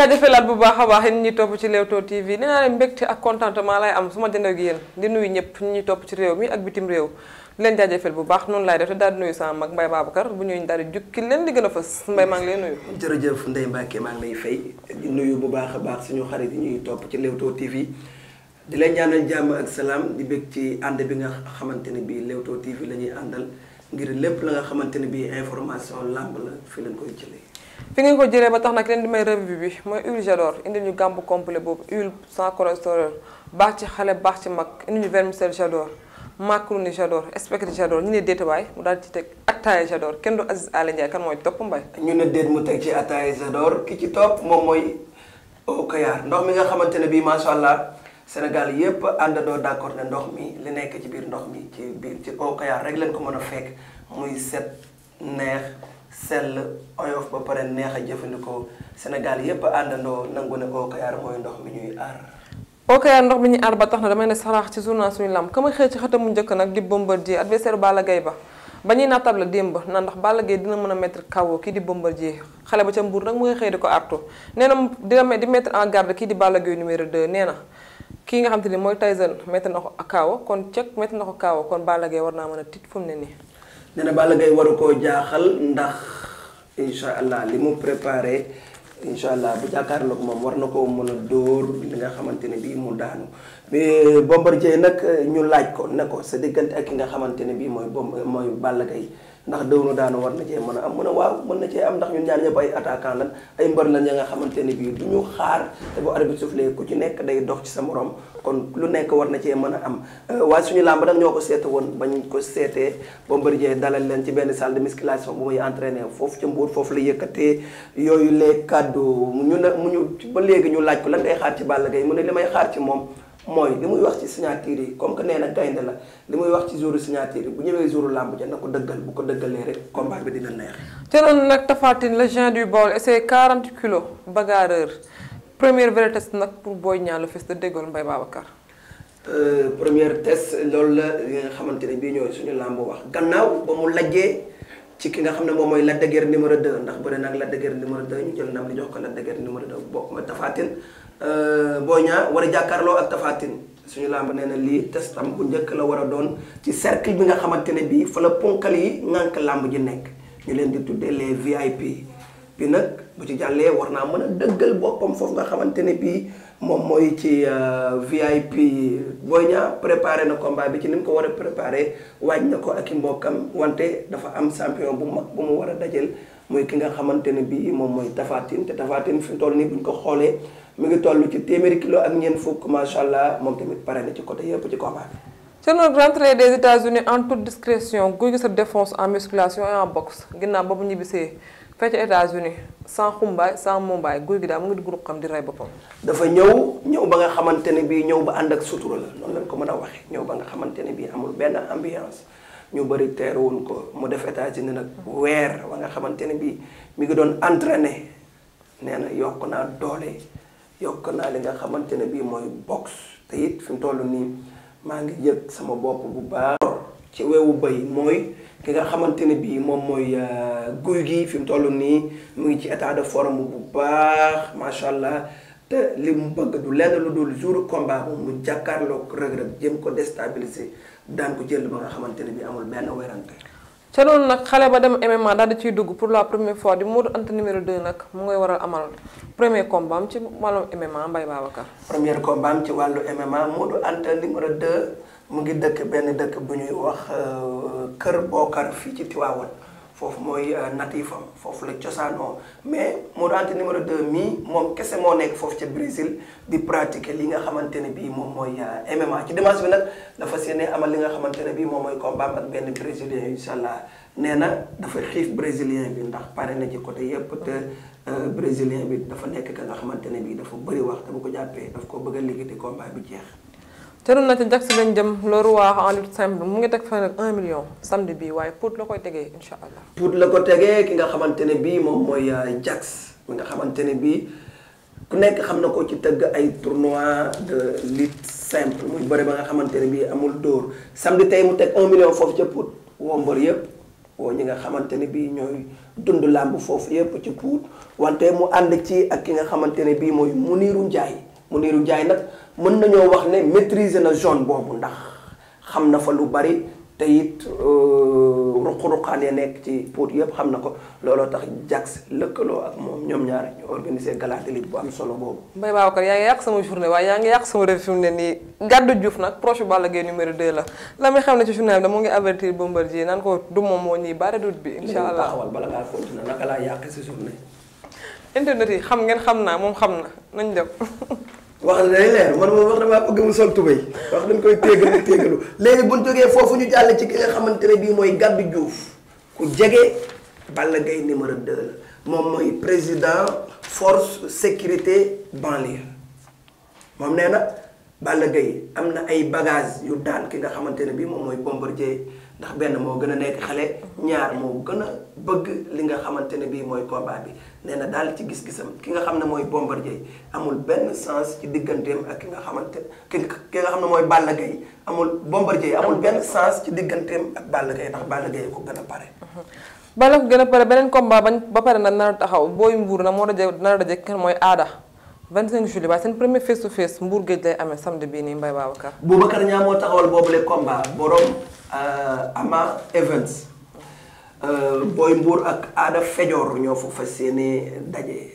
jaajëfalaat bu baax a baax yéen ñi topp ci Leewtoo TV nee naa leen mbégte ak contentement lay am su ma jënd ak yéen di nuyu ñëpp ñu topp ci réew mi ak bitim réew di leen jaajëfal bu baax noonu laay def daal di nuyu sama mag Mbaye Babacar bu ñëwee leen di gën a fës maa ngi lay nuyu. jërëjëf Ndeye Mbacke maa ngi lay fay di nuyu bu baax a baax suñu xarit yi ñuy topp ci Leewtoo TV di leen ñaanal jàmm ak salaam di bég ci ànd bi nga xamante ne bii Leewtoo TV la ñuy àndal ngir lépp la nga xamante ne bii information làmb la fi leen koy jëlee fi ngeen ko jëlee ba tax nag leen di may revue bi mooy huile Jador indi ñu gàmbu complet boobu huile sans cholestérol baax ci xale baax ci mag indi ñu vermicelle Jador macaroni Jador spaghetti Jador ñu ne déet waay mu daal ci teg attaaya Jador kenn du Aziz Aly Ndiaye kan mooy topp mbay ñu ne déet mu teg ci attaaya Jador ki ci topp moom mooy Eau Kayar ndox mi nga xamante ne bii macha allah Sénégal yépp àndandoo d'accord ne ndox mi li nekk ci biir ndox mi ci biir ci Eau rek leen ko mën a fekk muy set sell oyof ba pare neex a jëfandikoo senegal yépp àndandoo nangu ne OCAR mooy ndox mi ñuy aar. OCAR ndox mi ñuy aar ba tax na damay ne saraax ci journal suñu lam ka ma xëy ci xëtam mu njëkk nag di Bombardier adversaire Balla Gaye ba ba ñuy naatable démb na ndax Balla Gaye dina mën a mettre kawo kii di Bombardier xale ba ca Mbour nag mu ngi xëy di ko artu nee na dina di mettre en garde kii di Balla Gaye numéro 2 nee na kii nga xam te ni mooy Tyson mettre na ko kon cek mettre na ko kawo kon Balla Gaye war naa mën a tiit fu mu ne nii. nee na Balla war a koo jaaxal ndax incha allah li mu préparé incha allah bu jàkkaarloog moom war na koo mën a dóor li nga xamante ne bii mu daanu mais Bombardier nag ñu laaj ko ne ko sa diggante ki nga xamante ne bii mooy bom mooy Balla Gaye ndax dëwnu daanu war na jee mën a am mën a waaw mën na cee am ndax ñun ñaar ñëpp ay attaquant lan ay mbër lan ya nga xamante ni bii du ñu xaar te bu arbitre soufflé ku ci nekk day dox ci sa morom kon lu nekk war na cee mën a am euh, waaye suñu làmb nag ñoo ko seete woon bañ ko seetee Bombardier dalal leen ci benn salle de musculation bu muy entraîné foofu ca Mbour foofu la yëkkatee yooyu les kàddu mu ñu ne mu ñu ba léegi ñu laaj ko lan ngay xaar ci Balla Gaye mu ne li may xaar ci moom mooy li muy wax ci signature yi comme que nee na gaynde la li muy wax ci jouru signature yi bu ñëwee jouru làmb ja na ko dëggal bu ko dëggalee rek combat bi dina neex. te noonu nag Tapha Tine le géant du Baol et premier vrai test nag pour Boy ñaa la Fils de Dégol Mbaye Babacar. Euh, premier test loolu la li nga xamante ne bii ñooy suñu làmb wax gannaaw ba mu lajjee ci ki nga xam ne moom mooy la de Guiers numéro 2 ndax bëri nag Lac de Guiers numéro ñu jël ndam li jox ko Lac de Guiers numéro 2 bokk ma Tapha Tine euh, Boy ñaa war a jàkkaarloo ak Tapha Tine suñu làmb nee na lii testam bu njëkk la war a doon ci cercle bi nga xamante ne bii fa la ponkal yi ngànk làmb ji nekk ñu leen di tuddee les VIP. bi nag bu ci jàllee war naa mën a dëggal boppam foofu nga xamante ne bii moom mooy ci euh, VIP Boy Niang préparé na combat bi ci ni mu ko war a préparé waaj na ko ak i mbokkam wante dafa am champion bu mag bu mu war a dajal muy ki nga xamante ne bii moom mooy tafaatin Tine te Tapha Tine fi toll nii buñ ko xoolee mu ngi toll ci téeméeri kilo ak ñeent fukk macha allah moom tamit pare na ci côté yëpp ci combat bi. ca noonu rentrée des États-Unis en toute discrétion fekk États-Unis sans xumbaay sans mumbaay guy gi daal mu ngi di groupe xam di rey boppam. dafa ñëw ñëw ba nga xamante ne bii ñëw ba ànd ak sutura la noonu lañ ko mën a waxee ñëw ba nga xamante ne bii amul benn ambiance ñu bëri teeruwuñ ko mu def États-Unis nag weer ba nga xamante ne bii mi ngi doon entraîné nee na yokk naa doole yokk naa li nga xamante ne bii mooy box te it fi mu toll nii maa ngi yëg sama bopp bu baax. ci weewu bay mooy ki nga xamante ne bii moom mooy euh, guy gi fi mu toll nii mu ngi ci état de forme bu baax macha allah te li mu bëgg du lenn lu dul jour combat mu jàkkaarloog rëg-rëg jëm ko déstabiliser daan ko jël ba nga xamante ne bii amul benn werante ca loolu nag xale ba dem MMA daal di ciy dugg pour la première fois di Modou Anta numéro 2 nag mu ngay waral amal premier combat am ci wàllu MMA mbay Babacar. premier combat am ci wàllu MMA Modou Anta mu ngi dëkk benn dëkk bu ñuy wax euh, Kër Bookar fii ci Tiwaawan foofu mooy euh, natifam foofu la cosaanoo mais Modou Anta numéro 2 mii moom kese moo nekk foofu ci Brésil di pratiquer li nga xamante ne bii moom mooy euh, MMA ci dimanche bi nag dafa séenee amal li nga xamante ne bii moom mooy combat benn brésilien incha allah nee na dafa xiif brésilien bi ndax pare na ci côté yëpp te brésilien bi dafa nekk ka nga xamante ne bii dafa bëri wax te bu ko jàppee daf ko bëgg a liggéey combat bi jeex. Thierno Nathie Jackson lañ jëm le roi en lutte mu ngi teg fa nag 1 million samedi bii waaye pour la koy tegee incha allah. pour la ko tegee ki nga xamante ne bii moom mooy euh, Jax mi nga xamante ne bii ku nekk xam na ko ci tëgg ay tournoi de lutte xamante ne bii amul dóor samedi tey mu teg un million foofu ca Pout woo mbër yëpp woo ñi nga xamante ne bii ñooy dund làmb foofu yëpp ci Pout wante mu ànd ci ak ki nga xamante ne bii mooy Muniru Njaay Mounirou jaay nag mën nañoo wax ne maîtriser na zone boobu ndax xam na fa lu bari te it euh, ruq-ruqaan ya nekk ci Pout yëpp xam na ko looloo tax Jax lëkkaloo ak moom ñoom ñaar ñu organiser gala de lutte bu am solo boobu. Mbaye Babacar yaa ngi yàq sama journée waaye yaa ngi yàq sama rêve fi mu ne nii gàddu Diouf nag proche Balla Gaye numéro 2 la la muy xam ne ci journée bi da mu ngi avertir Bombardier naan ko du moom moo ñuy bare dut bi. incha allah taxawal bala ngaa continuer naka laa yàq si xam naa moom xam na nañ wax na day leer man moom wax damaa bëgg mu sol tubéy wax dañ koy téegalu téegalu léegi bu ñu jógee foofu ñu jàll ci ki nga xamante ne bii mooy Gabby Diouf ku jege Balla Gaye numéro 2 la moom mooy président force sécurité banlieue moom nee na Balla Gaye am na ay bagages yu daan ki nga xamante ne bii moom mooy Bombardier ndax benn moo gën a nekk xale ñaar moo gën a bëgg li nga xamante ne bii mooy combat bi nee na daal ci gis-gisam ki nga xam ne mooy Bombardier amul benn sens ci digganteem ak ki nga xamante ki ki xam ne mooy Balla Gaye amul Bombardier amul benn sens ci digganteem ak Balla Gaye ndax Balla Gaye ko gën a pare. Balla ko gën a pare beneen combat bañ ba pare na nar a taxaw booy mbuur na moo daje nar a daje kenn mooy aada. 25 juillet waaye seen premier face to face Mbour Géej lay amee samedi bii nii Mbaye Babacar. Boubacar Niang moo taxawal boobule combat borom euh, Ama Evans euh, booy Mbour ak Ada Fejoor ñoo fa fas yéenee daje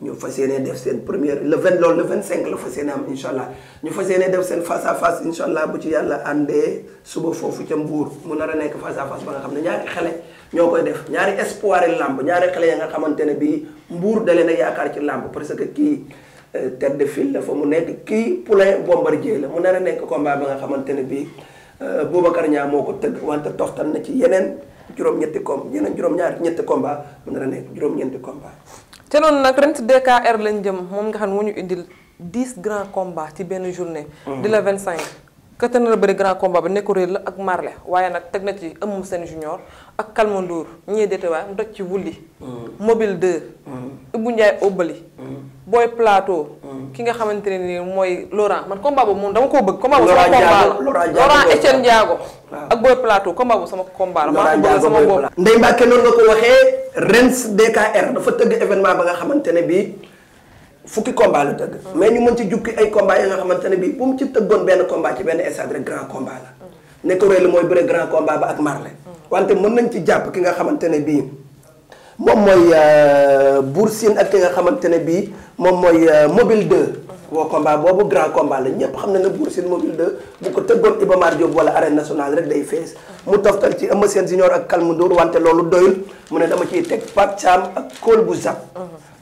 ñu fas yéenee def seen première le 20 loolu le 25 la fas yéenee am incha allah ñu fas yéenee def seen face à face incha bu ci yàlla àndee suba foofu ca mbuur mu nar a nekk face à face ba nga xam ne ñaari xale. ñoo koy def ñaari espoir làmb ñaari xale ya nga xamante ne bii mbuur dalee na yaakaar ci làmb parce que kii euh, tête de file la fa mu nekk kii poulain bombardier la mu nar a nekk combat ba nga xamante ne bii euh, Boubacar Niang moo ko tëgg wante toxtal na ci yeneen juróom-ñetti com yeneen juróom-ñaar ñetti combat mu nar a nekk juróom-ñetti combat. te noonu nag ren DKR lañ jëm moom nga xam ne moo ñu indil dix grands combats ci benn journée. Mm. di la vingt cinq. këttan la bëri grand combat bi nekk la ak Marley waaye nag teg na ci Eumeu Sène junior ak kalmandoor ñee dete waaye mu doj ci wulli mm. mobile 2 mm. Ibou Ndiaye Obali mm. Boy Plateau ki nga xamante ne nii mooy Laurent man combat boobu moom dama koo bëgg combat bu sama combat la ak Boy Plateau combat sama combat la maa ko bëgg sama bopp Ndeye Mbacke noonu nga ko waxee Rens DKR dafa tëgg événement ba nga xamante ne bii fukki combat la tëgg mais ñu mën ci jukki ay combat yi nga xamante ne bii bu mu ci tëggoon benn combat ci benn stade rek grand combat la ne ko réel mooy bëre grand combat ba ak Marley. wante mën nañ ci jàpp ki nga xamante ne bii moom mooy euh, Bour Sine ak ki nga xamante ne bii moom mooy euh, mobile 2. woo combat boobu grand combat la ñëpp xam ne na Bour Sine mobile 2 bu ko tëggoon Iba Mar Diop wala arène nationale rek day fees mu toftal ci Eumeu seen junior ak Kalmu wante loolu doyul mu ne dama ciy teg Pape Thiam ak Kool bu Zap.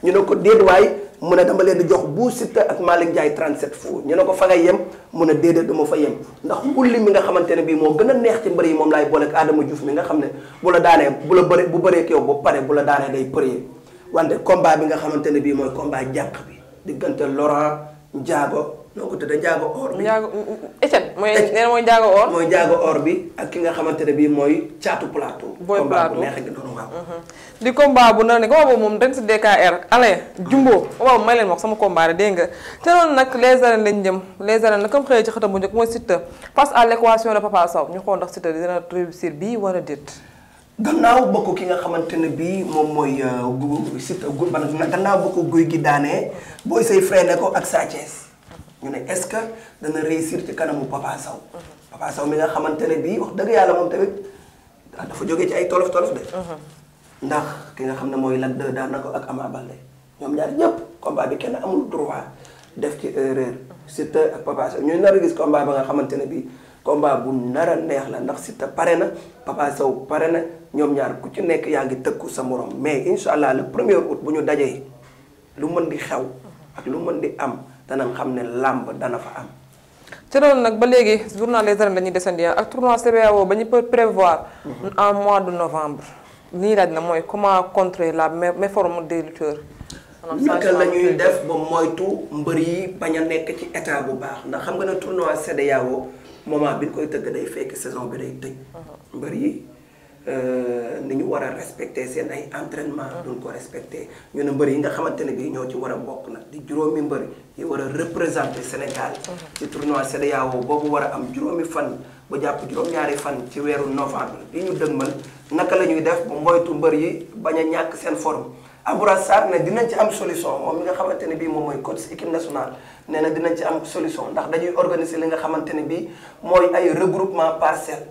ñu ne ko déet waay mu ne dama leen di jox buur Siteu ak Malick Ndiaye 37 fu ñu ne ko fa ngay yem mu ne déedéet dama fa yem ndax xulli mi nga xamante ne bii moo gën a neex ci mbër yi moom laay boole ak Adama Diouf mi nga xam ne bu la daanee bu la bëree bu bëree yow ba pare bu la daanee day përee wante combat bi nga xamante ne bii mooy combat jàq bi diggante Laurent Ndiago noo ko tuddee njaago or bi njaago mm, mm, mm. Etienne mooy nee mooy njaago or mooy njaago or bi ak ki nga xamante ne bii mooy caatu plateau booy neex a ngi doon waaw mm-hmm. di bu na ne combat boobu moom dañ si DKR Alain Jumbo mm-hmm. combat nga te noonu nag les arènes lañ jëm les arènes la comme xëyee ci xëtam bu njëkk mooy Siteu face à l'équation de Papa Sow ñu xool ndax Siteu dina réussir gannaaw bokk ki nga xamante ne bii moom mooy gu euh, Siteu gu ban gannaaw bokk guy gi daanee booy say freiné ko ak Sa Thiès ñu ne est-ce que dana réussir ci kanamu Papa Sow. Papa Sow mi nga xamante ne bii wax dëgg yàlla moom tamit ah dafa jóge ci ay tolof tolof de. ndax ki nga xam ne mooy Lac 2 daan na ko ak Ama Baldé ñoom ñaar ñëpp combat bi kenn amul droit def ci erreur. Siteu ak Papa Sow ñu nar a gis combat ba nga xamante ne bii combat bu nar a neex la ndax sita pare na Papa pare na ñoom ñaar ku ci nekk yaa ngi tëkku sa morom mais incha allah le premier août bu ñu dajee lu mën di xew. lu mën di am. danañ xam ne làmb dana fa am. ci loolu nag ba léegi journal des arènes la ñuy desandi ak tournoi CBAO ba ñu peut prévoir. Mhm. en mois de novembre. li ñuy laaj na mooy comment contrer la méforme des lutteurs. naka la ñuy def ba moytu mbër yi bañ a nekk ci état bu baax ndax xam nga ne tournoi CBAO moment bi ñu koy tëgg day fekk saison bi day tëj. Mhm. mbër yi. Euh, ni ñu war a respecté seen ay entraînement duñ ko respecté ñu ne mbër yi nga xamante ne bii ñoo ci war a bokk nag di juróomi mbër yi war a représenté Sénégal mhm. ci tournoi CEDEAO boobu war a am juróomi fan bu jàpp juróom-ñaari fan ci weeru novembre yi ñu dëgmal naka la ñuy def ba mboytu mbër yi bañ a ñàkk seen forme Aboura Sarr ne dinañ ci am solution moom mi nga xamante ne bii moom mooy coach équipe nationale nee na dinañ ci am solution ndax dañuy organiser li nga xamante ne bii mooy ay regroupement parcelle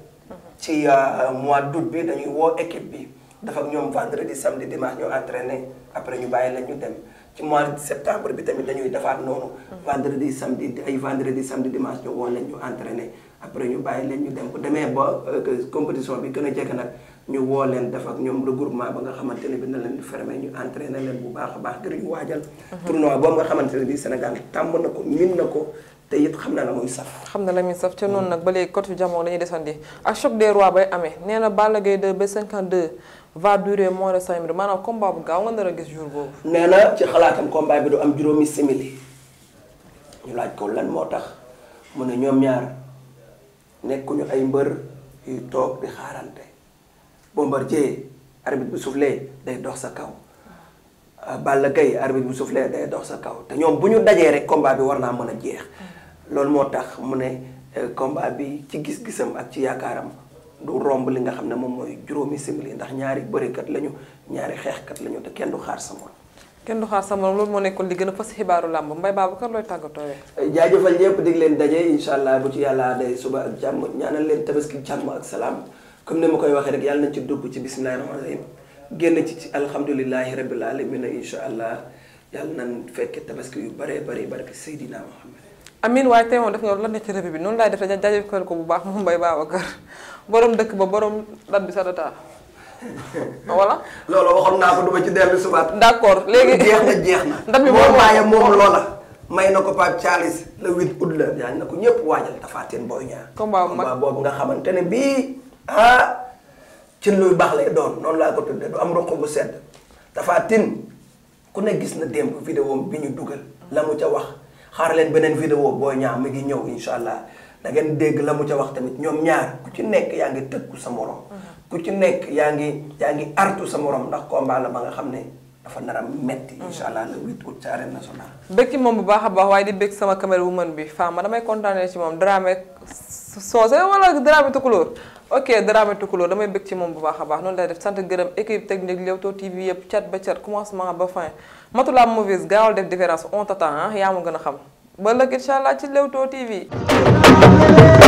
ci euh, mois d'août bi dañuy woo équipe bi dafa ak ñoom vendredi samedi dimanche ñu entraîné après ñu bàyyi la ñu dem ci mois de septembre bi tamit dañuy defaat noonu. vendredi samedi ay vendredi samedi dimanche ñu woo leen ñu entraîné après ñu bàyyi leen ñu dem bu demee ba euh, compétition bi gën a jege nag ñu woo leen def ak ñoom regroupement ba nga xamante ne bi na leen di fermer ñu entraîné leen bu baax a baax ngir ñu waajal. Mhm. tournoi boobu nga xamante ne bi Sénégal tàmm na ko miin na ko. te it xam na la muy saf. xam na la muy saf ca noonu nag ba léegi côté jamono la ñuy desandi ak choc des rois bay amee nee na Balla Gaye 2 ba 52 va durer moins de 5 minutes maanaam combat bu gaaw nga nar a gis jour boobu. nee na ci xalaatam combat bi du am juróomi simili ñu laaj ko lan moo tax mu ne ñoom ñaar nekkuñu ay mbër yu toog di xaarante Bombardier arbitre bu soufflé day dox sa kaw. Balla Gaye arbitre bu soufflé day dox sa kaw te ñoom bu ñu dajee rek combat bi war naa mën a jeex. loolu moo tax mu ne euh, combat bi ci gis-gisam ak ci yaakaaram du romb li nga xam ne moom mooy juróomi simili ndax ñaari bërekat lañu ñaari xeexkat lañu te kenn du xaar sa morom kenn du xaar sama loolu moo nekkoon li gën a fas xibaaru làmb Mbaye Babacar looy tàggatooyee. Euh, jaajëfal ñëpp dig leen daje incha allah bu ci yàlla day suba ak jàmm ñaanal leen tabaski jàmm ak salaam comme ni ma koy waxee rek yàlla nañ ci dugg ci bisimilah rahmaani génn ci ci alhamdulilahi rabil alamin incha allah yàlla nañ fekke tabaski yu bëree bëri barke Seydina amin waaye tey def nga la nekk ci revue bi noonu laay def dañuy jaajëfal ko bu baax moom Mbaye Babacar borom dëkk ba boroom dat bi sadata voilà. loolu waxoon naa ko du ci dellu subaat. d' accord léegi jeex na jeex na. dat bi moom may na ko Pape Thialis le 8 août la. na ko ñëpp waajal tafaateen booy ñaar. combat bu mag boobu nga xamante ne bii ah ci luy baax lay doon noonu laa ko tuddee du am roq bu sedd tafaatin ku ne gis na démb vidéo bi ñu dugal la mu ca wax. xaar leen beneen vidéo Boy Niang mi ngi ñëw incha allah da ngeen dégg la mu ca wax tamit ñoom ñaar ku ci nekk yaa ngi tëkku sa morom. Mhm. ku ci nekk yaa ngi yaa ngi artu sa morom ndax combat la ba nga xam ne. dafa nar a metti mhm. incha allah le huit août ca arène nationale. bëgg moom bu baax a baax waaye di bëgg sama caméra woman bi Fama damay kontaanee ci moom Dramé Socé wala Dramé Tukulóor ok Dramé Tukulóor damay bëgg ci moom bu baax a baax noonu lay def sant gërëm équipe technique yëpp cat ba cat commencement ba fin. matulaam mauvaise gaawal def différence on t'attend ah yaa ma gën a xam ba lëkk incha allah ci Leewtoo TV.